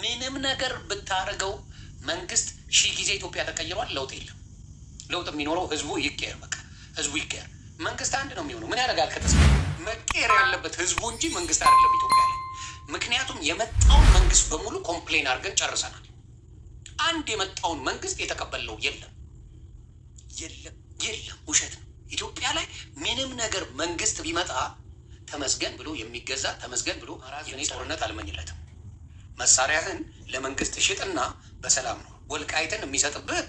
ምንም ነገር ብታደርገው መንግስት ሺህ ጊዜ ኢትዮጵያ ተቀይሯል። ለውጥ የለም። ለውጥ የሚኖረው ህዝቡ ይቀየር፣ በቃ ህዝቡ ይቀየር። መንግስት አንድ ነው የሚሆነው። ምን ያደርጋል? ከተስ መቀየር ያለበት ህዝቡ እንጂ መንግስት አይደለም ኢትዮጵያ ላይ። ምክንያቱም የመጣውን መንግስት በሙሉ ኮምፕሌን አድርገን ጨርሰናል። አንድ የመጣውን መንግስት የተቀበለው የለም፣ የለም፣ የለም። ውሸት ነው። ኢትዮጵያ ላይ ምንም ነገር መንግስት ቢመጣ ተመስገን ብሎ የሚገዛ ተመስገን ብሎ ጦርነት አልመኝለትም። መሳሪያህን ለመንግስት ሽጥና በሰላም ነው። ወልቃይትን የሚሰጥብህ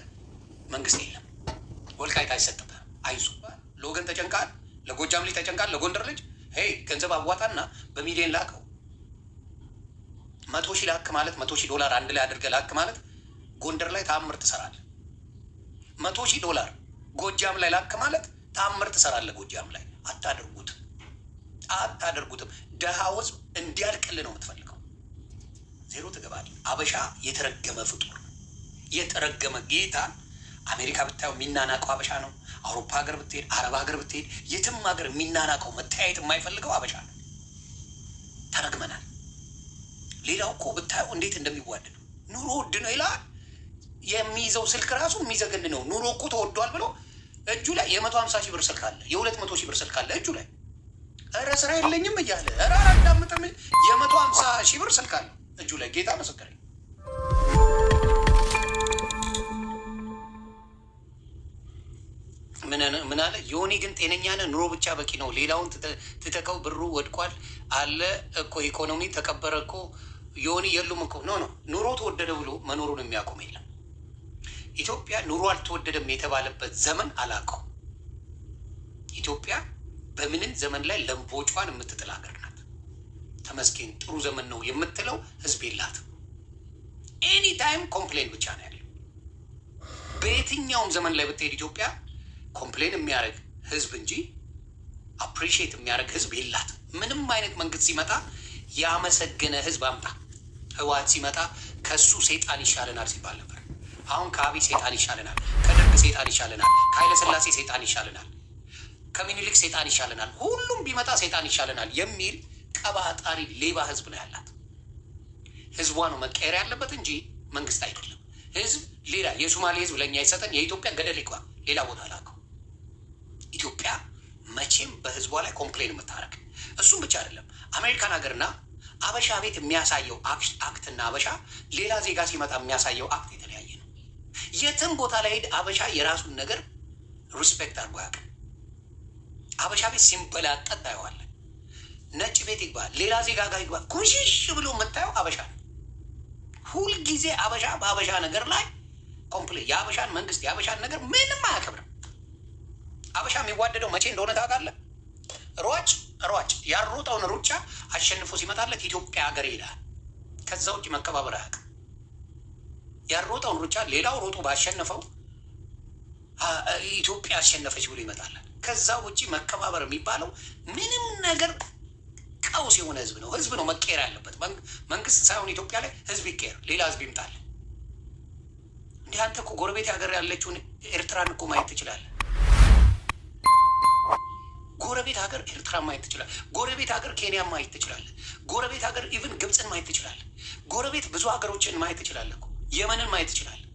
መንግስት የለም። ወልቃይት አይሰጥብህ። አይዞ ለወገን ተጨንቃል፣ ለጎጃም ልጅ ተጨንቃል፣ ለጎንደር ልጅ ሄይ ገንዘብ አዋጣና በሚሊዮን ላከው። መቶ ሺህ ላክ ማለት መቶ ሺህ ዶላር አንድ ላይ አድርገህ ላክ ማለት ጎንደር ላይ ተአምር ትሰራለህ። መቶ ሺህ ዶላር ጎጃም ላይ ላክ ማለት ተአምር ትሰራለህ። ጎጃም ላይ አታደርጉትም፣ አታደርጉትም። ደሃ ህዝብ እንዲያልቅልህ ነው የምትፈልገው። ዜሮ ትገባል። አበሻ የተረገመ ፍጡር የተረገመ ጌታ አሜሪካ ብታየው የሚናናቀው አበሻ ነው። አውሮፓ ሀገር ብትሄድ፣ አረብ ሀገር ብትሄድ፣ የትም ሀገር የሚናናቀው መተያየት የማይፈልገው አበሻ ነው። ተረግመናል። ሌላው እኮ ብታየው እንዴት እንደሚዋደድ ኑሮ ውድ ነው ይላል። የሚይዘው ስልክ ራሱ የሚዘገን ነው። ኑሮ እኮ ተወዷል ብሎ እጁ ላይ የመቶ ሀምሳ ሺህ ብር ስልክ አለ፣ የሁለት መቶ ሺህ ብር ስልክ አለ እጁ ላይ ኧረ ስራ የለኝም እያለ ኧረ አዳምጠም የመቶ ሀምሳ ሺህ ብር ስልክ አለ እጁ ላይ ጌታ ምስክሬ ምን አለ ዮኒ ግን ጤነኛ ነህ፣ ኑሮ ብቻ በቂ ነው። ሌላውን ትተቀው፣ ብሩ ወድቋል አለ እኮ ኢኮኖሚ ተቀበረ እኮ ዮኒ የሉም እኮ ኖ ነው። ኑሮ ተወደደ ብሎ መኖሩን የሚያቆም የለም። ኢትዮጵያ ኑሮ አልተወደደም የተባለበት ዘመን አላቀው ኢትዮጵያ በምንም ዘመን ላይ ለምቦጫን የምትጥል ሀገር ተመስገን ጥሩ ዘመን ነው የምትለው ህዝብ የላት። ኤኒ ታይም ኮምፕሌን ብቻ ነው ያለው። በየትኛውም ዘመን ላይ ብትሄድ ኢትዮጵያ ኮምፕሌን የሚያደርግ ህዝብ እንጂ አፕሪሺየት የሚያደርግ ህዝብ የላት ምንም አይነት መንግስት ሲመጣ ያመሰገነ ህዝብ አምጣ። ህወሓት ሲመጣ ከሱ ሴጣን ይሻለናል ሲባል ነበር። አሁን ከአብይ ሴጣን ይሻለናል፣ ከደርግ ሴጣን ይሻለናል፣ ስላሴ ሴጣን ይሻለናል፣ ከሚኒሊክ ሴጣን ይሻለናል፣ ሁሉም ቢመጣ ሴጣን ይሻለናል የሚል ቀባጣሪ ሌባ ህዝብ ነው ያላት። ህዝቧ ነው መቀየር ያለበት እንጂ መንግስት አይደለም። ህዝብ ሌላ የሶማሌ ህዝብ ለእኛ ይሰጠን፣ የኢትዮጵያ ገደል ይግባ፣ ሌላ ቦታ ላከው። ኢትዮጵያ መቼም በህዝቧ ላይ ኮምፕሌን የምታደርግ እሱም ብቻ አይደለም። አሜሪካን ሀገርና አበሻ ቤት የሚያሳየው አክትና አበሻ ሌላ ዜጋ ሲመጣ የሚያሳየው አክት የተለያየ ነው። የትም ቦታ ላይ ሄድ አበሻ የራሱን ነገር ሪስፔክት አድርጎ ያውቅ። አበሻ ቤት ሲንበላጠጥ ታየዋለን። ነጭ ቤት ይግባል፣ ሌላ ዜጋ ጋር ይግባል፣ ኩሽሽ ብሎ የምታየው አበሻ ሁልጊዜ አበሻ በአበሻ ነገር ላይ ኮምፕሌ የአበሻን መንግስት የአበሻን ነገር ምንም አያከብርም። አበሻ የሚዋደደው መቼ እንደሆነ ታውቃለህ? ሯጭ ሯጭ ያሮጠውን ሩጫ አሸንፎ ሲመጣለት ኢትዮጵያ ሀገር ይሄዳል። ከዛ ውጭ መከባበር አያውቅም። ያሮጠውን ሩጫ ሌላው ሮጦ ባሸነፈው ኢትዮጵያ አሸነፈች ብሎ ይመጣለን። ከዛ ውጭ መከባበር የሚባለው ምንም ነገር ቀውስ የሆነ ህዝብ ነው። ህዝብ ነው መቀየር ያለበት መንግስት ሳይሆን ኢትዮጵያ ላይ ህዝብ ይቀየር፣ ሌላ ህዝብ ይምጣል። እንዲህ አንተ እኮ ጎረቤት ሀገር ያለችውን ኤርትራን እኮ ማየት ትችላለህ። ጎረቤት ሀገር ኤርትራ ማየት ትችላለህ። ጎረቤት ሀገር ኬንያ ማየት ትችላለህ። ጎረቤት ሀገር ኢቭን ግብፅን ማየት ትችላለህ። ጎረቤት ብዙ ሀገሮችን ማየት ትችላለህ። የመንን ማየት ትችላለህ።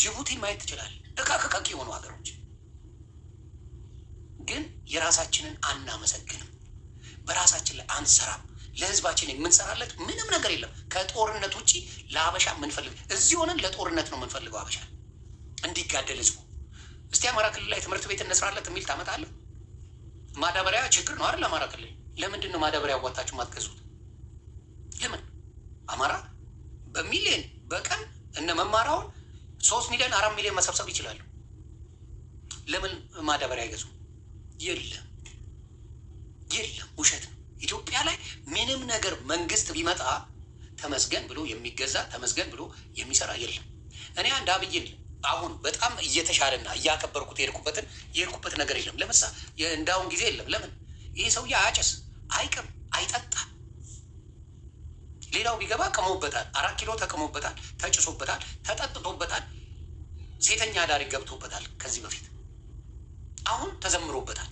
ጅቡቲን ማየት ትችላለህ። እካከካኪ የሆኑ ሀገሮች ግን የራሳችንን አናመሰግንም። በራሳችን ላይ አንሰራም። ለህዝባችን የምንሰራለት ምንም ነገር የለም ከጦርነት ውጭ። ለአበሻ የምንፈልግ እዚህ ሆነን ለጦርነት ነው የምንፈልገው። አበሻ እንዲጋደል ህዝቡ። እስቲ አማራ ክልል ላይ ትምህርት ቤት እንስራለት የሚል ታመጣለህ። ማዳበሪያ ችግር ነው አይደል? አማራ ክልል ለምንድን ነው ማዳበሪያ አዋጣችሁ ማትገዙት? ለምን አማራ በሚሊዮን በቀን እነ መማራውን ሶስት ሚሊዮን አራት ሚሊዮን መሰብሰብ ይችላሉ። ለምን ማዳበሪያ አይገዙም? የለም የለም፣ ውሸት ነው። ኢትዮጵያ ላይ ምንም ነገር መንግስት ቢመጣ ተመስገን ብሎ የሚገዛ ተመስገን ብሎ የሚሰራ የለም። እኔ አንድ አብይን አሁን በጣም እየተሻለና እያከበርኩት የሄድኩበትን የሄድኩበት ነገር የለም። ለመሳ እንዳሁን ጊዜ የለም። ለምን ይሄ ሰውዬ አያጨስ፣ አይቅም፣ አይጠጣ። ሌላው ቢገባ ቅሞበታል፣ አራት ኪሎ ተቅሞበታል፣ ተጭሶበታል፣ ተጠጥቶበታል፣ ሴተኛ አዳሪ ገብቶበታል ከዚህ በፊት አሁን ተዘምሮበታል።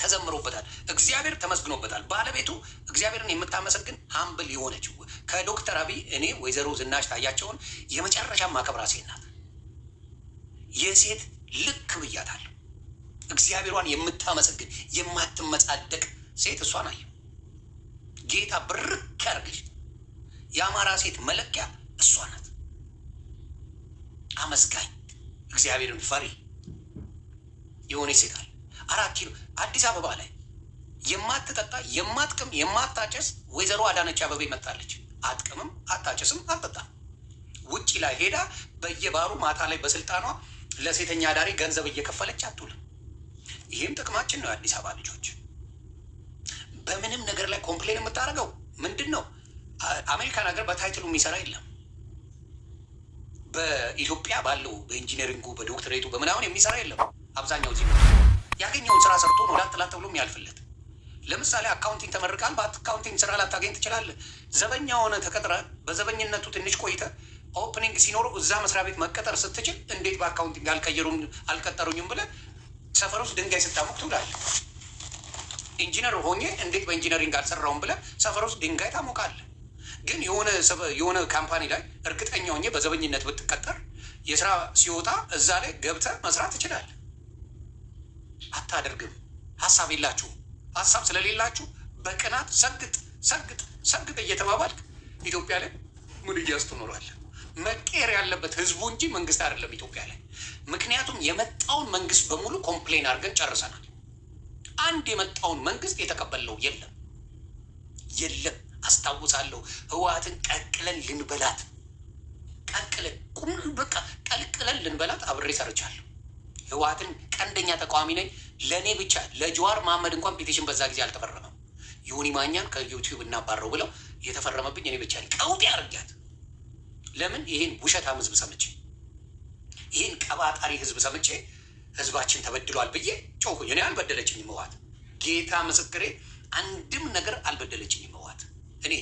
ተዘምሮበታል። እግዚአብሔር ተመስግኖበታል። ባለቤቱ እግዚአብሔርን የምታመሰግን ሀምብል የሆነች ከዶክተር አብይ እኔ ወይዘሮ ዝናሽ ታያቸውን የመጨረሻ ማከብራ ሴት ናት። የሴት ልክ ብያታለሁ። እግዚአብሔሯን የምታመሰግን የማትመጻደቅ ሴት እሷ ናየ። ጌታ ብርክ ያርግሽ። የአማራ ሴት መለኪያ እሷ ናት። አመስጋኝ፣ እግዚአብሔርን ፈሪ የሆነ ሴት አራት ኪሎ አዲስ አበባ ላይ የማትጠጣ የማትቅም የማታጨስ ወይዘሮ አዳነች አበቤ መጣለች። አትቅምም፣ አታጨስም፣ አትጠጣም። ውጭ ላይ ሄዳ በየባሩ ማታ ላይ በስልጣኗ ለሴተኛ አዳሪ ገንዘብ እየከፈለች አትውልም። ይህም ጥቅማችን ነው። የአዲስ አበባ ልጆች በምንም ነገር ላይ ኮምፕሌን የምታደርገው ምንድን ነው? አሜሪካን ሀገር በታይትሉ የሚሰራ የለም። በኢትዮጵያ ባለው በኢንጂነሪንጉ በዶክትሬቱ በምናምን የሚሰራ የለም። አብዛኛው እዚህ ያገኘውን ስራ ሰርቶ ነው ላት ላት ተብሎ የሚያልፍለት። ለምሳሌ አካውንቲንግ ተመርቃል፣ በአካውንቲንግ ስራ ላታገኝ ትችላለህ። ዘበኛ ሆነ ተቀጥረ በዘበኝነቱ ትንሽ ቆይተ ኦፕኒንግ ሲኖረው እዛ መስሪያ ቤት መቀጠር ስትችል እንዴት በአካውንቲንግ አልቀየሩም አልቀጠሩኝም ብለ ሰፈር ውስጥ ድንጋይ ስታሞቅ ትውላለህ። ኢንጂነር ሆኜ እንዴት በኢንጂነሪንግ አልሰራውም ብለ ሰፈር ውስጥ ድንጋይ ታሞቃለህ። ግን የሆነ የሆነ ካምፓኒ ላይ እርግጠኛ ሆኜ በዘበኝነት ብትቀጠር የስራ ሲወጣ እዛ ላይ ገብተህ መስራት ትችላለህ። አታደርግም። ሀሳብ የላችሁ ሀሳብ ስለሌላችሁ በቅናት ሰግጥ ሰግጥ ሰግጥ እየተባባልክ ኢትዮጵያ ላይ ምን እያስ ትኖራለህ? መቀየር ያለበት ህዝቡ እንጂ መንግስት አይደለም ኢትዮጵያ ላይ። ምክንያቱም የመጣውን መንግስት በሙሉ ኮምፕሌን አድርገን ጨርሰናል። አንድ የመጣውን መንግስት የተቀበልነው የለም የለም። አስታውሳለሁ ህወሓትን ቀቅለን ልንበላት ቀቅለን ቁም በቃ ቀልቅለን ልንበላት አብሬ ሰርቻለሁ። ህወሓትን ቀንደኛ ተቃዋሚ ነኝ ለእኔ ብቻ ለጀዋር መሐመድ እንኳን ፒቴሽን በዛ ጊዜ አልተፈረመም። ዮኒ ማኛን ከዩቲዩብ እናባረው ብለው የተፈረመብኝ እኔ ብቻ ቀውጤ አርጊያት። ለምን ይህን ውሸታም ህዝብ ሰምቼ ይህን ቀባጣሪ ህዝብ ሰምቼ ህዝባችን ተበድሏል ብዬ ጮኩኝ። እኔ አልበደለችኝ መዋት ጌታ ምስክሬ አንድም ነገር አልበደለችኝ መዋት እኔ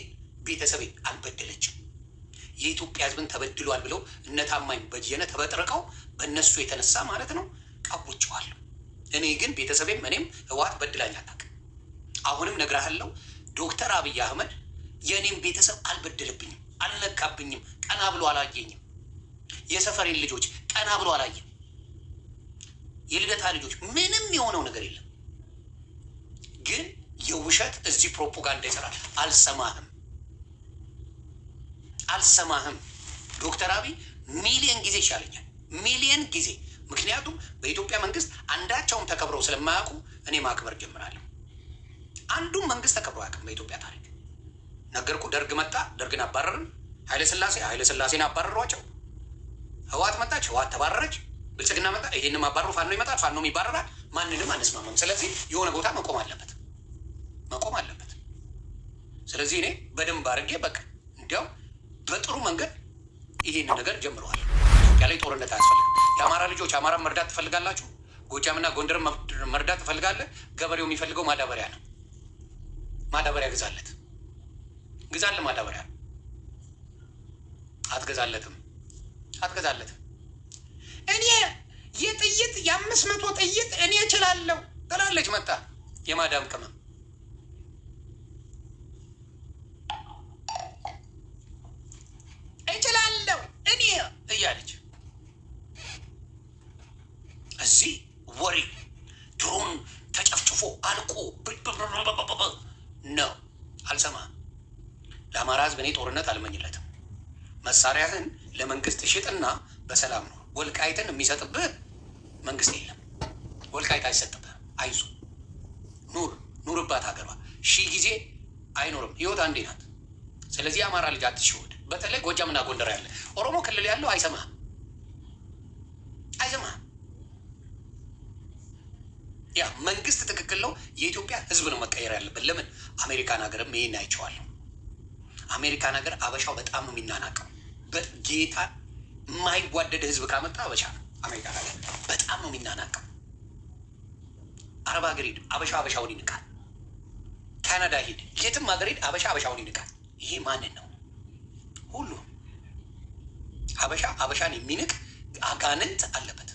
ቤተሰቤ አልበደለችም። የኢትዮጵያ ህዝብን ተበድሏል ብለው እነታማኝ በየነ ተበጥረቀው በእነሱ የተነሳ ማለት ነው ቀውጨዋለሁ። እኔ ግን ቤተሰቤም እኔም ህወሓት በድላኝ አታውቅም። አሁንም ነግራሃለው ዶክተር አብይ አህመድ የእኔም ቤተሰብ አልበደለብኝም፣ አልነካብኝም፣ ቀና ብሎ አላየኝም። የሰፈሬን ልጆች ቀና ብሎ አላየም። የልደታ ልጆች ምንም የሆነው ነገር የለም። ግን የውሸት እዚህ ፕሮፓጋንዳ ይሰራል። አልሰማህም፣ አልሰማህም። ዶክተር አብይ ሚሊየን ጊዜ ይሻለኛል፣ ሚሊየን ጊዜ ምክንያቱም በኢትዮጵያ መንግስት አንዳቸውም ተከብረው ስለማያውቁ እኔ ማክበር ጀምራለሁ። አንዱም መንግስት ተከብሮ አያውቅም በኢትዮጵያ ታሪክ። ነገርኩ። ደርግ መጣ፣ ደርግን አባረርን። ኃይለ ስላሴን አባረሯቸው። ህዋት መጣች፣ ህዋት ተባረረች። ብልጽግና መጣ፣ ይህንም አባረሩ። ፋኖ ይመጣል፣ ፋኖም ይባረራል። ማንንም አንስማማም። ስለዚህ የሆነ ቦታ መቆም አለበት፣ መቆም አለበት። ስለዚህ እኔ በደንብ አድርጌ በቃ እንዲያው በጥሩ መንገድ ይህን ነገር ጀምረዋል። ኢትዮጵያ ላይ ጦርነት አያስፈልግም። የአማራ ልጆች አማራን መርዳት ትፈልጋላችሁ? ጎጃምና ጎንደርን መርዳት ትፈልጋለህ? ገበሬው የሚፈልገው ማዳበሪያ ነው። ማዳበሪያ ግዛለት፣ ግዛለ ማዳበሪያ አትገዛለትም፣ አትገዛለትም። እኔ የጥይት የአምስት መቶ ጥይት እኔ እችላለሁ ትላለች። መጣ የማዳም ቅመም እችላለሁ እኔ እያለች በዚህ ወሬ ድሮን ተጨፍጭፎ አልቆ ነው። አልሰማ ለአማራ ህዝብ እኔ ጦርነት አልመኝለትም። መሳሪያህን ለመንግስት ሽጥና በሰላም ነው። ወልቃይትን የሚሰጥብህ መንግስት የለም። ወልቃይት አይሰጥብህ። አይዞ ኑር፣ ኑርባት ሀገሯ ሺህ ጊዜ አይኖርም። ህይወት አንዴ ናት። ስለዚህ የአማራ ልጅ አትሸወድ። በተለይ ጎጃምና ጎንደር ያለ ኦሮሞ ክልል ያለው አይሰማህም፣ አይሰማህም ያ መንግስት ትክክል ነው። የኢትዮጵያ ህዝብ ነው መቀየር ያለብን። ለምን አሜሪካን ሀገርም ይሄን አይቼዋለሁ። አሜሪካን ሀገር አበሻው በጣም ነው የሚናናቀው። በጌታ የማይጓደድ ህዝብ ካመጣ አበሻ ነው። አሜሪካን ሀገር በጣም ነው የሚናናቀው። አረብ ሀገር ሂድ፣ አበሻ አበሻውን ይንቃል። ካናዳ ሂድ፣ የትም ሀገር ሂድ፣ አበሻ አበሻውን ይንቃል። ይሄ ማንን ነው? ሁሉ አበሻ አበሻን የሚንቅ አጋንንት አለበት።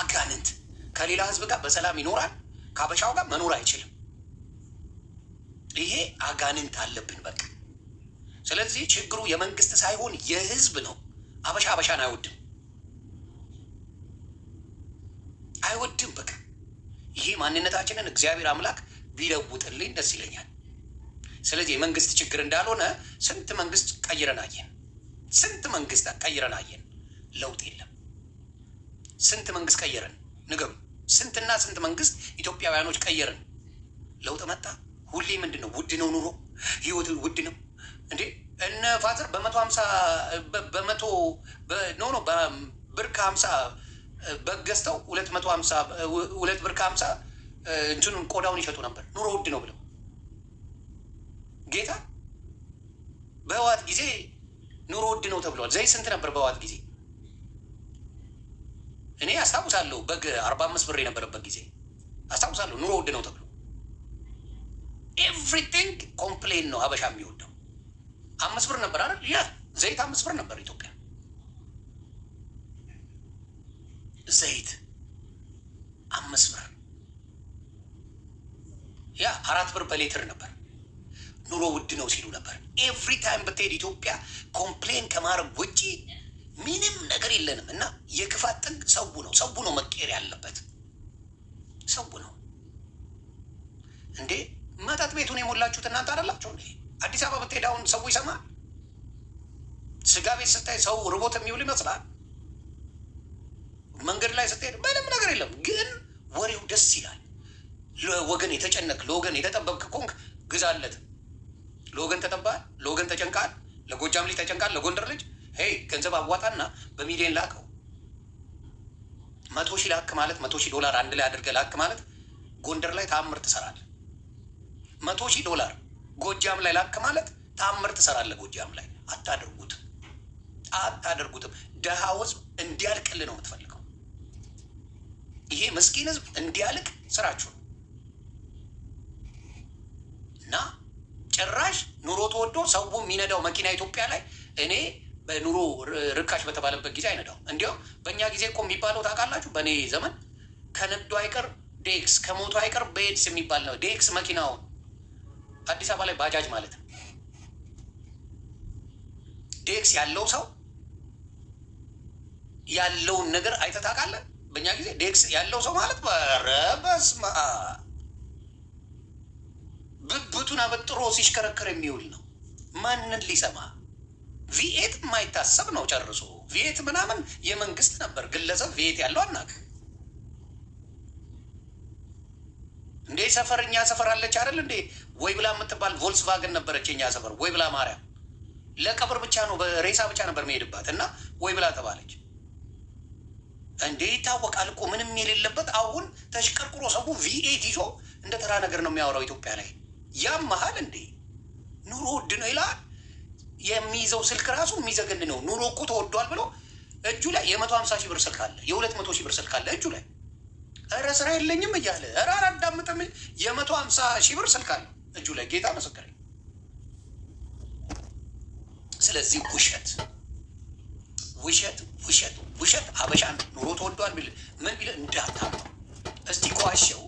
አጋንንት ከሌላ ህዝብ ጋር በሰላም ይኖራል፣ ከአበሻው ጋር መኖር አይችልም። ይሄ አጋንንት አለብን በቃ። ስለዚህ ችግሩ የመንግስት ሳይሆን የህዝብ ነው። አበሻ አበሻን አይወድም አይወድም በቃ። ይሄ ማንነታችንን እግዚአብሔር አምላክ ቢለውጥልኝ ደስ ይለኛል። ስለዚህ የመንግስት ችግር እንዳልሆነ ስንት መንግስት ቀይረን አየን፣ ስንት መንግስት ቀይረን አየን፣ ለውጥ የለም። ስንት መንግስት ቀይረን ንገሩ። ስንትና ስንት መንግስት ኢትዮጵያውያኖች ቀየርን። ለውጥ መጣ። ሁሌ ምንድን ነው? ውድ ነው ኑሮ፣ ህይወት ውድ ነው እንዴ። እነ ፋዘር በመቶ ሀምሳ በመቶ ኖ ኖ በብር ከሀምሳ በገዝተው ሁለት መቶ ሀምሳ ሁለት ብር ከሀምሳ እንትኑን ቆዳውን ይሸጡ ነበር። ኑሮ ውድ ነው ብለው ጌታ በህዋት ጊዜ ኑሮ ውድ ነው ተብሏል። ዘይት ስንት ነበር በህዋት ጊዜ? እኔ አስታውሳለሁ በግ አርባ አምስት ብር የነበረበት ጊዜ አስታውሳለሁ። ኑሮ ውድ ነው ተብሎ ኤቭሪቲንግ ኮምፕሌን ነው ሀበሻ የሚወደው። አምስት ብር ነበር አይደል? ያ ዘይት አምስት ብር ነበር ኢትዮጵያ ዘይት አምስት ብር ያ አራት ብር በሌትር ነበር። ኑሮ ውድ ነው ሲሉ ነበር። ኤቭሪ ታይም ብትሄድ ኢትዮጵያ ኮምፕሌን ከማድረግ ውጪ ምንም ነገር የለንም እና የክፋት ጥግ ሰው ነው። ሰው ነው መቀየር ያለበት ሰው ነው እንዴ። መጠጥ ቤቱን የሞላችሁት እናንተ አደላችሁ እንዴ? አዲስ አበባ ብትሄድ አሁን ሰው ይሰማል። ስጋ ቤት ስታይ ሰው ርቦት የሚውል ይመስላል። መንገድ ላይ ስትሄድ ምንም ነገር የለም፣ ግን ወሬው ደስ ይላል። ለወገን የተጨነቅ ለወገን የተጠበብክ ኮንክ ግዛለት። ለወገን ተጠባል፣ ለወገን ተጨንቃል፣ ለጎጃም ልጅ ተጨንቃል፣ ለጎንደር ልጅ ሄይ ገንዘብ አዋጣና በሚሊዮን ላከው። መቶ ሺህ ላክ ማለት መቶ ሺህ ዶላር አንድ ላይ አድርገህ ላክ ማለት ጎንደር ላይ ተአምር ትሰራለህ። መቶ ሺህ ዶላር ጎጃም ላይ ላክ ማለት ተአምር ትሰራለህ። ጎጃም ላይ አታደርጉትም፣ አታደርጉትም። ደሃው ህዝብ እንዲያልቅል ነው የምትፈልገው። ይሄ ምስኪን ህዝብ እንዲያልቅ ስራችሁ ነው እና ጭራሽ ኑሮ ተወዶ ሰው የሚነዳው መኪና ኢትዮጵያ ላይ እኔ በኑሮ ርካሽ በተባለበት ጊዜ አይነዳው። እንዲያው በእኛ ጊዜ እኮ የሚባለው ታውቃላችሁ፣ በእኔ ዘመን ከንግዱ አይቀር ዴክስ ከሞቱ አይቀር በኤድስ የሚባል ነው። ዴክስ መኪናውን አዲስ አበባ ላይ ባጃጅ ማለት ነው። ዴክስ ያለው ሰው ያለውን ነገር አይተህ ታውቃለህ። በእኛ ጊዜ ዴክስ ያለው ሰው ማለት ኧረ በስመ አብ ብብቱን አበጥሮ ሲሽከረከር የሚውል ነው። ማንን ሊሰማ ቪኤት የማይታሰብ ነው ጨርሶ። ቪኤት ምናምን የመንግስት ነበር፣ ግለሰብ ቪኤት ያለው አናውቅ እንዴ። ሰፈር እኛ ሰፈር አለች አይደል እንዴ? ወይ ብላ የምትባል ቮልስቫገን ነበረች እኛ ሰፈር፣ ወይ ብላ ማርያም። ለቀብር ብቻ ነው በሬሳ ብቻ ነበር የሚሄድባት እና ወይ ብላ ተባለች እንዴ። ይታወቃል እኮ ምንም የሌለበት አሁን ተሽቀርቅሮ ሰው ቪኤት ይዞ እንደ ተራ ነገር ነው የሚያወራው ኢትዮጵያ ላይ። ያም መሀል እንዴ ኑሮ ውድ ነው ይላል። የሚይዘው ስልክ ራሱ የሚዘገን ነው። ኑሮ እኮ ተወዷል ብሎ እጁ ላይ የመቶ ሀምሳ ሺህ ብር ስልክ አለ፣ የሁለት መቶ ሺህ ብር ስልክ አለ እጁ ላይ ረ ስራ የለኝም እያለ ረ አዳምጥም። የመቶ ሀምሳ ሺህ ብር ስልክ አለ እጁ ላይ ጌታ መሰከረኝ። ስለዚህ ውሸት ውሸት ውሸት ውሸት። አበሻን ኑሮ ተወዷል ቢል ምን ቢል እንዳታም እስቲ ከዋሸው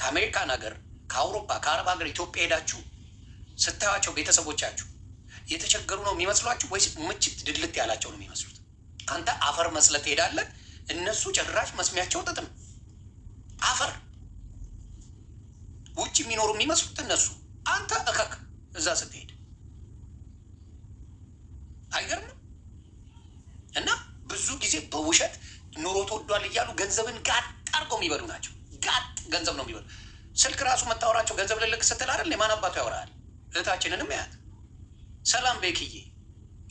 ከአሜሪካን ሀገር፣ ከአውሮፓ፣ ከአረብ ሀገር ኢትዮጵያ ሄዳችሁ ስታያቸው ቤተሰቦቻችሁ የተቸገሩ ነው የሚመስሏችሁ ወይስ ምችት ድልት ያላቸው ነው የሚመስሉት? አንተ አፈር መስለት ትሄዳለህ። እነሱ ጭራሽ መስሚያቸው ጥጥም አፈር ውጭ የሚኖሩ የሚመስሉት እነሱ አንተ እከክ እዛ ስትሄድ አይገርም እና ብዙ ጊዜ በውሸት ኑሮ ተወዷል እያሉ ገንዘብን ጋጥ አድርገው የሚበሉ ናቸው። ጋጥ ገንዘብ ነው የሚበሉ ስልክ ራሱ መታወራቸው ገንዘብ ልልቅ ስትል አይደል? የማን አባቱ ያወራል? እህታችንንም ያት ሰላም ቤክዬ፣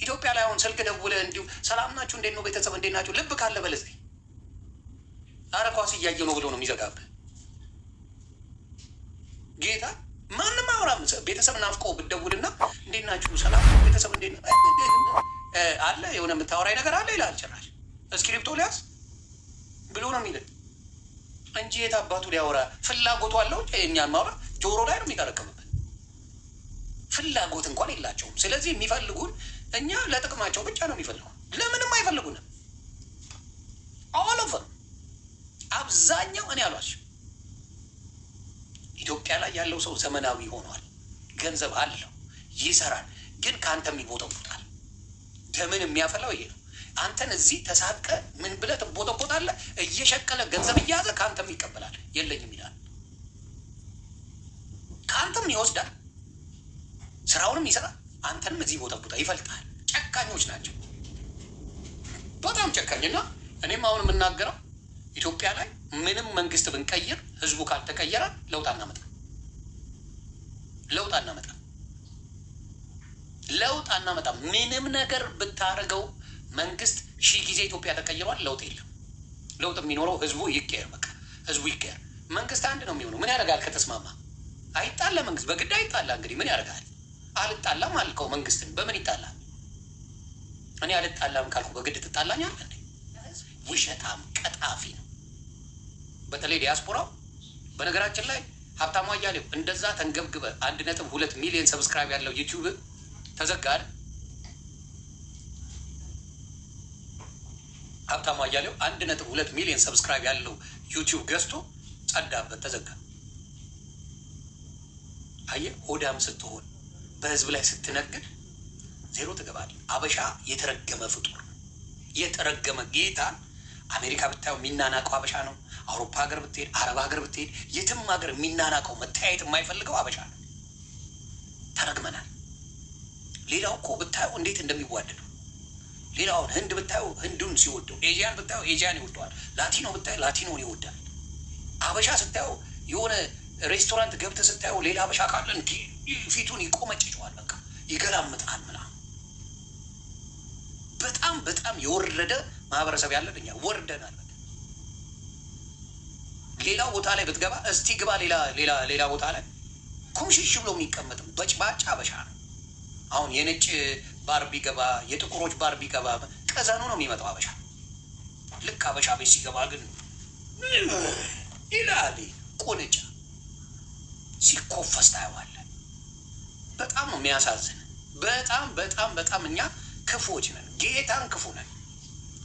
ኢትዮጵያ ላይ አሁን ስልክ ደውለህ እንዲሁ ሰላም ናችሁ፣ እንዴት ነው ቤተሰብ፣ እንዴት ናችሁ? ልብ ካለ በለስ አረ ኳስ እያየ ነው ብሎ ነው የሚዘጋብህ። ጌታ ማንም አውራም ቤተሰብ ናፍቆ ብደውልና እንዴት ናችሁ፣ ሰላም ቤተሰብ፣ እንዴት አለ የሆነ የምታወራኝ ነገር አለ ይላል። ጭራሽ እስክሪፕቶ ሊያስ ብሎ ነው የሚል እንጂ የት አባቱ ሊያወራ ፍላጎቱ አለው። እኛን ማውራ ጆሮ ላይ ነው የሚጠረቅመው። ፍላጎት እንኳን የላቸውም። ስለዚህ የሚፈልጉን እኛ ለጥቅማቸው ብቻ ነው የሚፈልጉ ለምንም አይፈልጉንም። አዋለፈ አብዛኛው እኔ አሏቸው ኢትዮጵያ ላይ ያለው ሰው ዘመናዊ ሆኗል። ገንዘብ አለው፣ ይሰራል፣ ግን ከአንተ የሚቦጠቦጣል። ደምን የሚያፈላው ይሄ ነው። አንተን እዚህ ተሳቀ ምን ብለህ ትቦጠቦጣለህ? እየሸቀለ ገንዘብ እየያዘ ከአንተም ይቀበላል። የለኝም ይላል፣ ከአንተም ይወስዳል። ስራውንም ይሰራል፣ አንተንም እዚህ ቦታ ቦታ ይፈልጣል። ጨካኞች ናቸው፣ በጣም ጨካኝና እኔም አሁን የምናገረው ኢትዮጵያ ላይ ምንም መንግስት ብንቀይር ህዝቡ ካልተቀየረ ለውጥ አናመጣም፣ ለውጥ አናመጣም፣ ለውጥ አናመጣም። ምንም ነገር ብታደርገው መንግስት ሺህ ጊዜ ኢትዮጵያ ተቀይሯል፣ ለውጥ የለም። ለውጥ የሚኖረው ህዝቡ ይቀየር፣ በቃ ህዝቡ ይቀየር። መንግስት አንድ ነው የሚሆነው። ምን ያደርጋል ከተስማማ? አይጣላ መንግስት በግድ አይጣላ። እንግዲህ ምን ያደርጋል? አልጣላም አልከው፣ መንግስትን በምን ይጣላል? እኔ አልጣላም ካልኩ በግድ ትጣላኝ አለ። ውሸታም ቀጣፊ ነው፣ በተለይ ዲያስፖራው። በነገራችን ላይ ሀብታሙ አያሌው እንደዛ ተንገብግበ አንድ ነጥብ ሁለት ሚሊዮን ሰብስክራይብ ያለው ዩቲዩብ ተዘጋል። ሀብታሙ አያሌው አንድ ነጥብ ሁለት ሚሊዮን ሰብስክራይብ ያለው ዩቲዩብ ገዝቶ ጸዳበት፣ ተዘጋ። አየህ ሆዳም ስትሆን በህዝብ ላይ ስትነግድ ዜሮ ትገባል። አበሻ የተረገመ ፍጡር የተረገመ ጌታ አሜሪካ ብታየው የሚናናቀው አበሻ ነው። አውሮፓ ሀገር ብትሄድ፣ አረብ ሀገር ብትሄድ፣ የትም ሀገር የሚናናቀው መተያየት የማይፈልገው አበሻ ነው። ተረግመናል። ሌላው እኮ ብታየው እንዴት እንደሚዋደዱ ሌላውን ህንድ ብታየው ህንዱን ሲወደው፣ ኤዥያን ብታዩ ኤዥያን ይወደዋል። ላቲኖ ብታዩ ላቲኖን ይወዳል። አበሻ ስታየው የሆነ ሬስቶራንት ገብተህ ስታየው ሌላ አበሻ ካለ እንዲህ ፊቱን ይቆመጭጨዋል፣ በቃ ይገላምጣል ምናምን። በጣም በጣም የወረደ ማህበረሰብ ያለን እኛ ወርደናል። ሌላ ቦታ ላይ ብትገባ እስቲ ግባ፣ ሌላ ሌላ ሌላ ቦታ ላይ ኩምሽሽ ብሎ የሚቀመጥም በጭባጭ አበሻ ነው። አሁን የነጭ ባር ቢገባ የጥቁሮች ባር ቢገባ ቀዘኑ ነው የሚመጣው አበሻ። ልክ አበሻ ቤት ሲገባ ግን ይላል ቁንጫ ሲኮፈስ ታየዋል። በጣም ነው የሚያሳዝን። በጣም በጣም በጣም እኛ ክፉዎች ነን፣ ጌታን ክፉ ነን።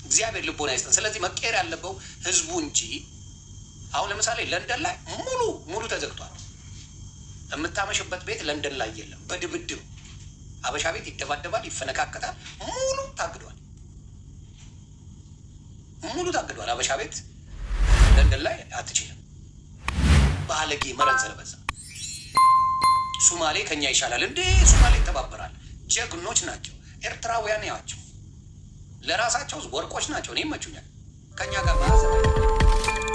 እግዚአብሔር ልቦና አይስጠን። ስለዚህ መቀየር ያለበው ህዝቡ እንጂ አሁን ለምሳሌ ለንደን ላይ ሙሉ ሙሉ ተዘግቷል። የምታመሽበት ቤት ለንደን ላይ የለም። በድብድብ አበሻ ቤት ይደባደባል፣ ይፈነካከታል። ሙሉ ታግዷል፣ ሙሉ ታግዷል። አበሻ ቤት ለንደን ላይ አትችልም። ባለጌ መረን ስለበዛ ሱማሌ ከኛ ይሻላል እንዴ? ሱማሌ ይተባበራል። ጀግኖች ናቸው ኤርትራውያን ያቸው ለራሳቸው ወርቆች ናቸው። እኔ ይመቹኛል ከኛ ጋር